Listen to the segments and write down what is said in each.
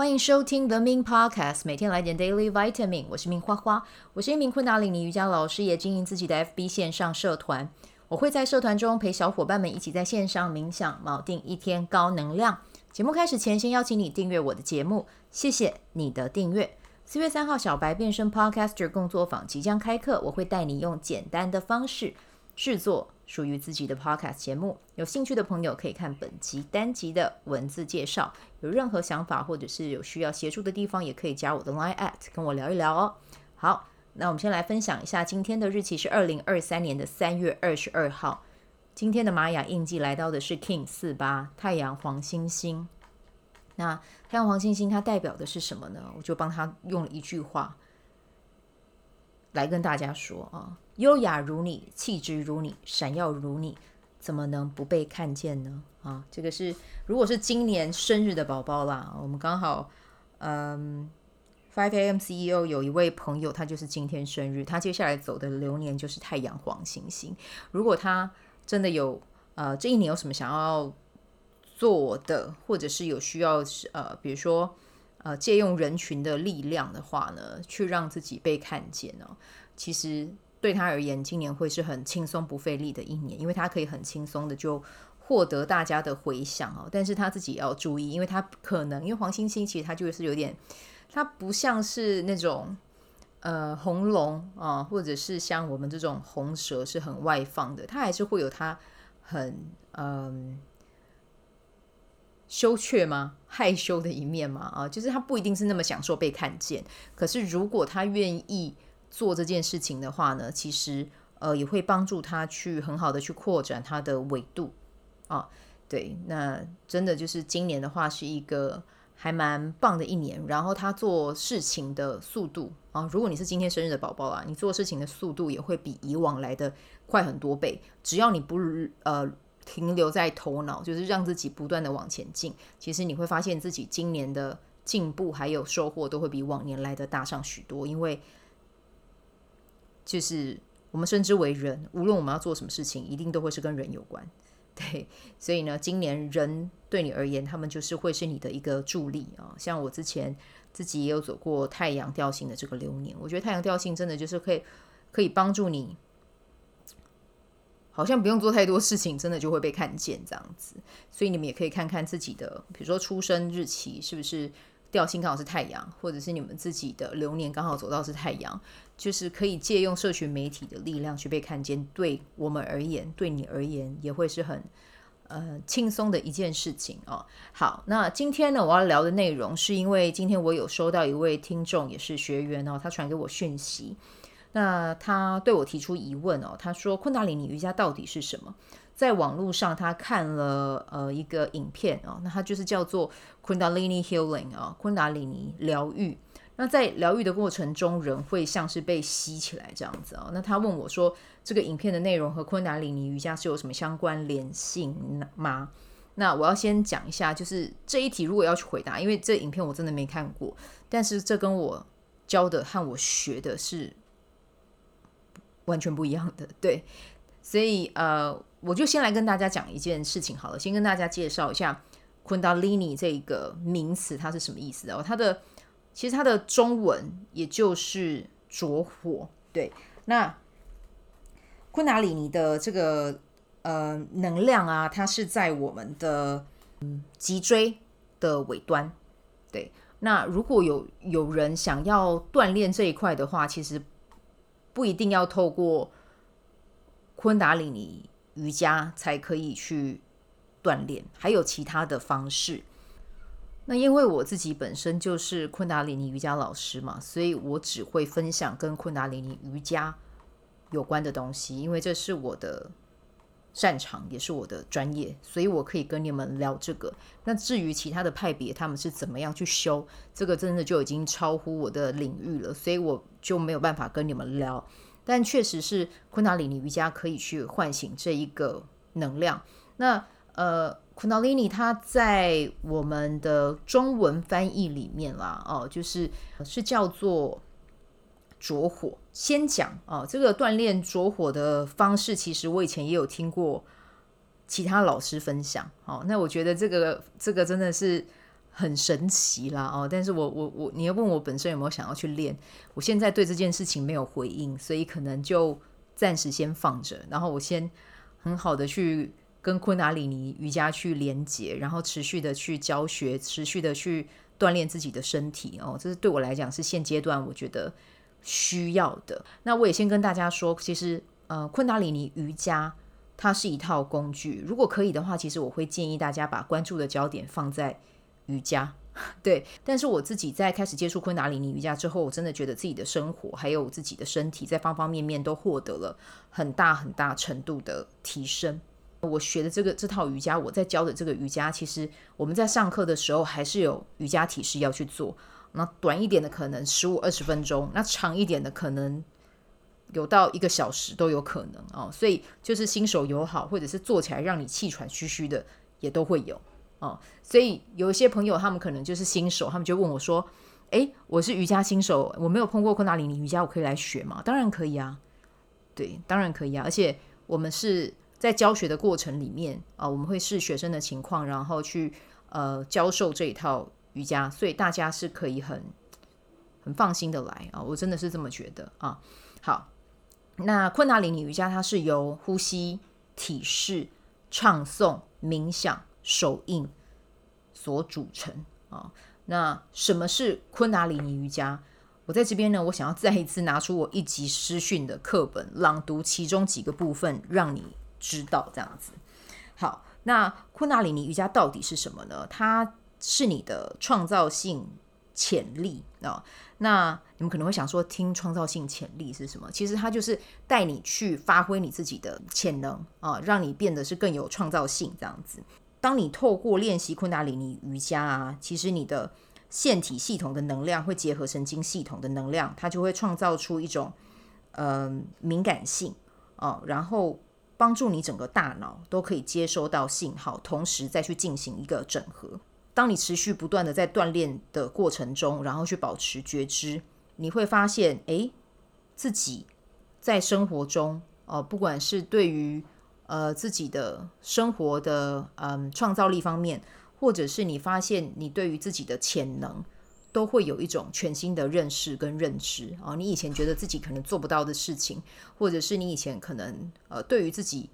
歡迎收聽 The Min Podcast，每天來點 Daily Vitamin。我是明花花，我是一名昆達里尼瑜伽老師，也經營自己的 FB 線上社團。我會在社團中陪小伙伴們一起在線上冥想，錨定一天高能量。節目開始前，先邀請你訂閱我的節目，謝謝你的訂閱。四月三號，小白變身 Podcaster 工作坊即將開課，我會帶你用簡單的方式，製作屬於自己的 Podcast 節目，有興趣的朋友可以看本集單集的文字介紹。有任何想法或者是有需要協助的地方，也可以加我的 line@ 跟我聊一聊哦。好，那我們先來分享一下今天的日期是二零二三年的三月二十二號。今天的瑪雅印記來到的是 Kin 四八太陽黃星星。那太陽黃星星它代表的是什麼呢？我就幫他用一句話來跟大家說啊。優雅如你，氣質如你，閃耀如你，怎麼能不被看見呢？啊，這個是如果是今年生日的寶寶啦，我們剛好，嗯，5am CEO 有一位朋友，他就是今天生日，他接下來走的流年就是太陽黃星星。如果他真的有呃這一年有什麼想要做的，或者是有需要呃，比如說呃借用人群的力量的話呢，去讓自己被看見呢，哦，其實。對他而言，今年會是很輕鬆不費力的一年，因為他可以很輕鬆的就獲得大家的回響哦。但是他自己也要注意，因為他可能因為黃星星其實他就是有點，他不像是那種呃紅龍啊，或者是像我們這種紅蛇是很外放的，他還是會有他很嗯、呃、羞怯嗎？害羞的一面嗎？啊，就是他不一定是那麼享受被看見，可是如果他願意。做這件事情的話呢，其實呃也會幫助他去很好的去擴展他的維度啊。對，那真的就是今年的話是一個還蠻棒的一年。然後他做事情的速度啊，如果你是今天生日的寶寶啊，你做事情的速度也會比以往來的快很多倍。只要你不呃停留在頭腦，就是讓自己不斷的往前進，其實你會發現自己今年的進步還有收穫都會比往年來的大上許多，因為。就是我們稱之為人，無論我們要做什麼事情，一定都會是跟人有關，對。所以呢，今年人對你而言，他們就是會是你的一個助力啊、哦。像我之前自己也有走過太陽調性的這個流年，我覺得太陽調性真的就是可以可以幫助你，好像不用做太多事情，真的就會被看見這樣子。所以你們也可以看看自己的，比如說出生日期是不是。調性剛好是太陽，或者是你們自己的流年剛好走到是太陽，就是可以借用社群媒體的力量去被看見。對我們而言，對你而言也會是很呃輕鬆的一件事情哦。好，那今天呢，我要聊的內容是因為今天我有收到一位聽眾也是學員哦，他傳給我訊息，那他對我提出疑問哦，他說：“昆達里尼瑜伽到底是什麼？”在網絡上，他看了呃一個影片啊、哦，那他就是叫做昆達里尼 Healing 啊、哦，昆達里尼療癒。那在療癒的過程中，人會像是被吸起來這樣子啊、哦。那他問我說，這個影片的內容和昆達里尼瑜伽是有什麼相關聯性嗎？那我要先講一下，就是這一題如果要去回答，因為這影片我真的沒看過，但是這跟我教的和我學的是完全不一樣的，對，所以呃。我就先來跟大家講一件事情好了，先跟大家介紹一下“昆達里尼”這個名詞，它是什麼意思哦？它的其實它的中文也就是“着火”。對，那昆達里尼的這個呃能量啊，它是在我們的脊椎的尾端。對，那如果有有人想要鍛鍊這一塊的話，其實不一定要透過昆達里尼。瑜伽才可以去鍛鍊，還有其他的方式。那因為我自己本身就是昆達里尼瑜伽老師嘛，所以我只會分享跟昆達里尼瑜伽有關的東西，因為這是我的擅長，也是我的專業，所以我可以跟你們聊這個。那至於其他的派別，他們是怎麼樣去修，這個真的就已經超乎我的領域了，所以我就沒有辦法跟你們聊。但確實是昆達里尼瑜伽可以去喚醒這一個能量。那呃，昆達里尼它在我們的中文翻譯裡面啦，哦，就是是叫做拙火。先講哦，這個鍛鍊拙火的方式，其實我以前也有聽過其他老師分享。哦，那我覺得這個這個真的是。很神奇啦哦，但是我我我你要問我本身有沒有想要去練，我現在對這件事情沒有回應，所以可能就暫時先放着，然後我先很好的去跟昆達里尼瑜伽去連接，然後持續的去教學，持續的去鍛鍊自己的身體哦，這是對我來講是現階段我覺得需要的。那我也先跟大家說，其實呃，昆達里尼瑜伽它是一套工具，如果可以的話，其實我會建議大家把關注的焦點放在。瑜伽，對，但是我自己在開始接觸昆達里尼瑜伽之後，我真的覺得自己的生活還有自己的身體，在方方面面都獲得了很大很大程度的提升。我學的這個這套瑜伽，我在教的這個瑜伽，其實我們在上課的時候還是有瑜伽體式要去做。那短一點的可能十五二十分鐘，那長一點的可能有到一個小時都有可能哦。所以就是新手友好，或者是做起來讓你氣喘吁吁的也都會有。哦，所以有一些朋友他們可能就是新手，他們就問我說：“哎，我是瑜伽新手，我沒有碰過昆達里尼瑜伽，我可以來學嗎？”當然可以啊，對，當然可以啊。而且我們是在教學的過程裡面啊、哦，我們會視學生的情況，然後去呃教授這一套瑜伽，所以大家是可以很很放心的來啊、哦，我真的是這麼覺得啊、哦。好，那昆達里尼瑜伽它是由呼吸、體式、唱誦、冥想。手印所組成啊，那什麼是昆達里尼瑜伽？我在這邊呢，我想要再一次拿出我一集師訓的課本，朗讀其中幾個部分，讓你知道這樣子。好，那昆達里尼瑜伽到底是什麼呢？它是你的創造性潛力啊。那你們可能會想說，聽創造性潛力是什麼？其實它就是帶你去發揮你自己的潛能啊，讓你變得是更有創造性這樣子。當你透過練習昆達里尼瑜伽啊，其實你的腺體系統的能量會結合神經系統的能量，它就會創造出一種嗯、呃、敏感性啊、哦，然後幫助你整個大腦都可以接收到信號，同時再去進行一個整合。當你持續不斷地在鍛煉的過程中，然後去保持覺知，你會發現誒，自己在生活中哦，不管是對於。呃，自己的生活的嗯創造力方面，或者是你發現你對於自己的潛能，都會有一種全新的認識跟認知啊、哦。你以前覺得自己可能做不到的事情，或者是你以前可能呃對於自己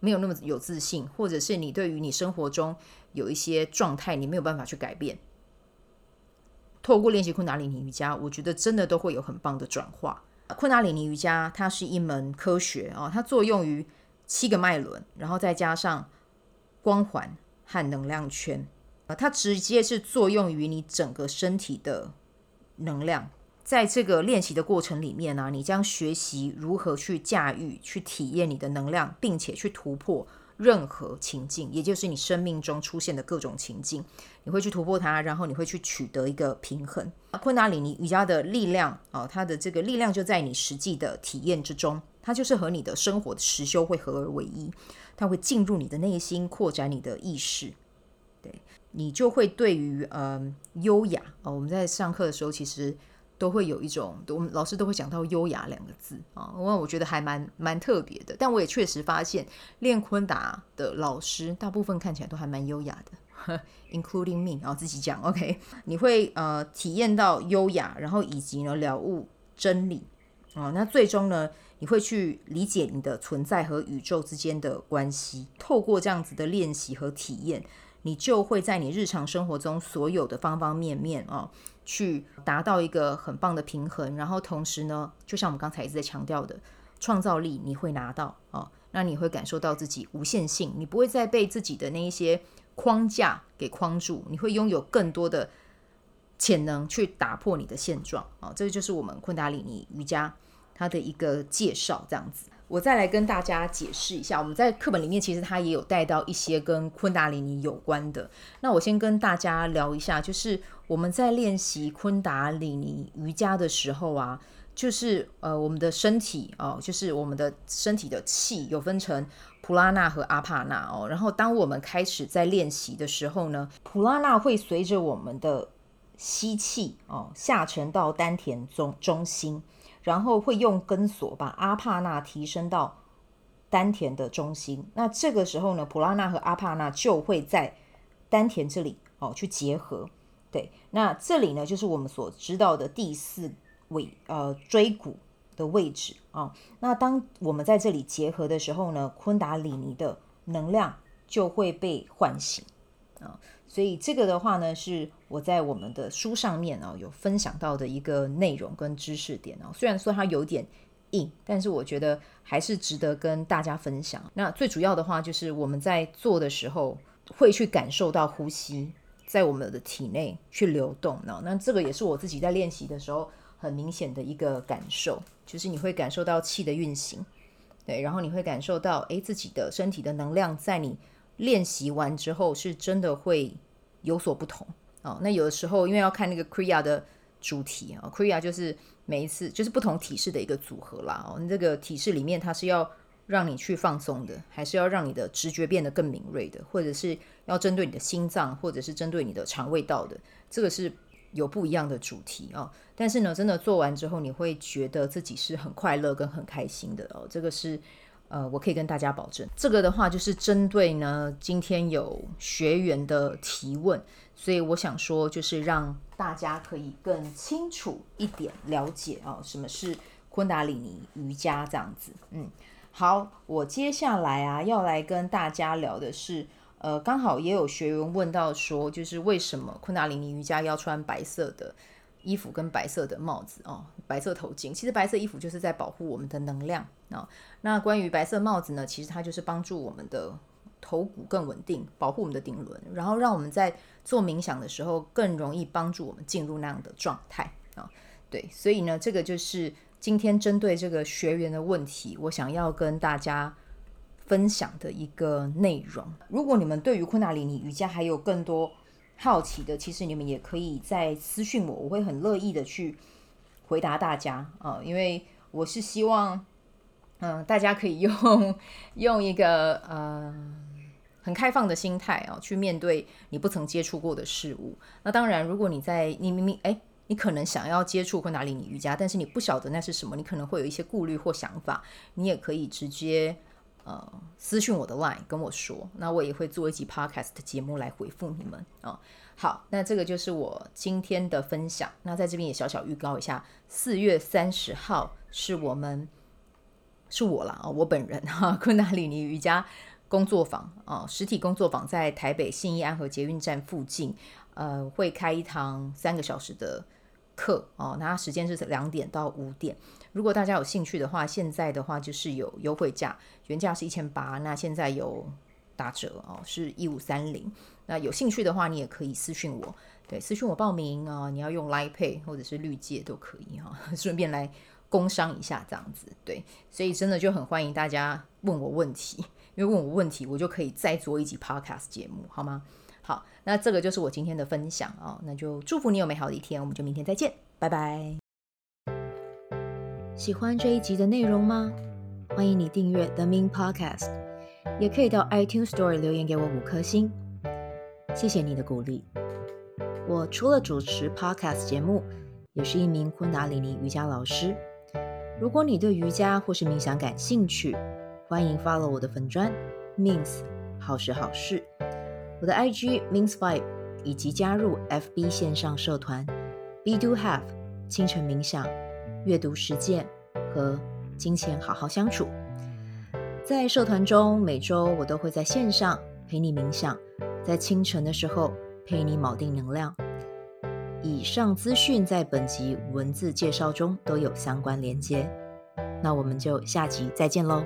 沒有那麼有自信，或者是你對於你生活中有一些狀態你沒有辦法去改變，透過練習昆達里尼瑜伽，我覺得真的都會有很棒的轉化。呃、昆達里尼瑜伽它是一門科學啊、哦，它作用於。七個脈輪，然後再加上光環和能量圈，呃，它直接是作用於你整個身體的能量。在這個練習的過程裡面呢，啊，你將學習如何去駕馭、去體驗你的能量，並且去突破。任何情境，也就是你生命中出現的各種情境，你會去突破它，然後你會去取得一個平衡。啊，昆達里尼瑜伽的力量啊、哦，它的這個力量就在你實際的體驗之中，它就是和你的生活的實修會合而為一，它會進入你的內心，擴展你的意識，對你就會對於嗯、呃、優雅啊、哦，我們在上課的時候其實。都會有一種，我們老師都會講到“優雅”兩個字啊，因為我覺得還蠻蠻特別的。但我也確實發現，練昆達的老師大部分看起來都還蠻優雅的，Including me，然後自己講，OK？你會呃體驗到優雅，然後以及呢了悟真理啊，那最終呢你會去理解你的存在和宇宙之間的關係，透過這樣子的練習和體驗。你就會在你日常生活中所有的方方面面哦，去達到一個很棒的平衡。然後同時呢，就像我們剛才一直在強調的，創造力你會拿到哦，那你會感受到自己無限性，你不會再被自己的那一些框架給框住，你會擁有更多的潛能去打破你的現狀啊、哦。這個就是我們昆達里尼瑜伽它的一個介紹，這樣子。我再來跟大家解釋一下，我們在課本裡面其實它也有帶到一些跟昆達里尼有關的。那我先跟大家聊一下，就是我們在練習昆達里尼瑜伽的時候啊，就是呃我們的身體哦，就是我們的身體的氣有分成普拉納和阿帕納哦。然後當我們開始在練習的時候呢，普拉納會隨着我們的吸氣哦下沉到丹田中中心。然後會用根鎖把阿帕納提升到丹田的中心。那這個時候呢，普拉納和阿帕納就會在丹田這裡哦去結合。對，那這裡呢就是我們所知道的第四尾呃椎骨的位置啊、哦。那當我們在這裡結合的時候呢，昆達里尼的能量就會被喚醒。啊，所以這個的話呢，是我在我們的書上面啊、哦、有分享到的一個內容跟知識點啊、哦。雖然說它有點硬，但是我覺得還是值得跟大家分享。那最主要的話就是我們在做的時候會去感受到呼吸在我們的體內去流動呢。那這個也是我自己在練習的時候很明顯的一個感受，就是你會感受到氣的運行，對，然後你會感受到誒，自己的身體的能量在你。練習完之後，是真的會有所不同哦。那有的時候，因為要看那個 kriya 的主題啊，kriya、哦、就是每一次就是不同體式的一個組合啦。哦，這、那個體式裡面，它是要讓你去放鬆的，還是要讓你的直覺變得更敏銳的，或者是要針對你的心臟，或者是針對你的腸胃道的。這個是有不一樣的主題哦。但是呢，真的做完之後，你會覺得自己是很快樂跟很開心的哦。這個是。呃，我可以跟大家保證，這個的話就是針對呢，今天有學員的提問，所以我想說，就是讓大家可以更清楚一點了解哦，什麼是昆達里尼瑜伽這樣子。嗯，好，我接下來啊要來跟大家聊的是，呃，剛好也有學員問到說，就是為什麼昆達里尼瑜伽要穿白色的？衣服跟白色的帽子哦，白色頭巾。其實白色衣服就是在保護我們的能量啊、哦。那關於白色帽子呢，其實它就是幫助我們的頭骨更穩定，保護我們的頂輪，然後讓我們在做冥想的時候更容易幫助我們進入那樣的狀態啊、哦。對，所以呢，這個就是今天針對這個學員的問題，我想要跟大家分享的一個內容。如果你們對於昆達里尼瑜伽還有更多，好奇的，其實你們也可以在私信我，我會很樂意的去回答大家啊、嗯，因為我是希望，嗯，大家可以用用一個呃很開放的心態啊、哦，去面對你不曾接觸過的事物。那當然，如果你在你明明誒，你可能想要接觸昆達里尼瑜伽，但是你不曉得那是什麼，你可能會有一些顧慮或想法，你也可以直接。呃、嗯，私訊我的 line 跟我說，那我也會做一集 podcast 節目來回復你們啊、哦。好，那這個就是我今天的分享。那在這邊也小小預告一下，四月三十號是我們是我啦，哦、我本人哈、啊，昆達里尼瑜伽工作坊啊、哦，實體工作坊在台北信義安和捷運站附近，呃，會開一堂三個小時的。課哦，那時間是兩點到五點。如果大家有興趣的話，現在的話就是有優惠價，原價是一千八，那現在有打折哦，是一五三零。那有興趣的話，你也可以私訊我，對，私訊我報名啊、哦。你要用 Line Pay 或者是綠界都可以哈、哦，順便來工商一下這樣子。對，所以真的就很歡迎大家問我問題，因為問我問題，我就可以再做一集 Podcast 節目，好嗎？那這個就是我今天的分享哦，那就祝福你有美好的一天，我們就明天再見，拜拜。喜歡這一集的內容嗎？歡迎你訂閱 The Min Podcast，也可以到 iTunes Store 留言給我五顆星，謝謝你的鼓勵。我除了主持 Podcast 節目，也是一名昆達里尼瑜伽老師。如果你對瑜伽或是冥想感興趣，歡迎 follow 我的粉專 Mins 好時好事。我的 IG MinsVibe，以及加入 FB 線上社團 Be Do Have，清晨冥想、閱讀實踐和金錢好好相處。在社團中，每周我都會在線上陪你冥想，在清晨的時候陪你錨定能量。以上資訊在本集文字介紹中都有相關連接。那我們就下集再見嘍。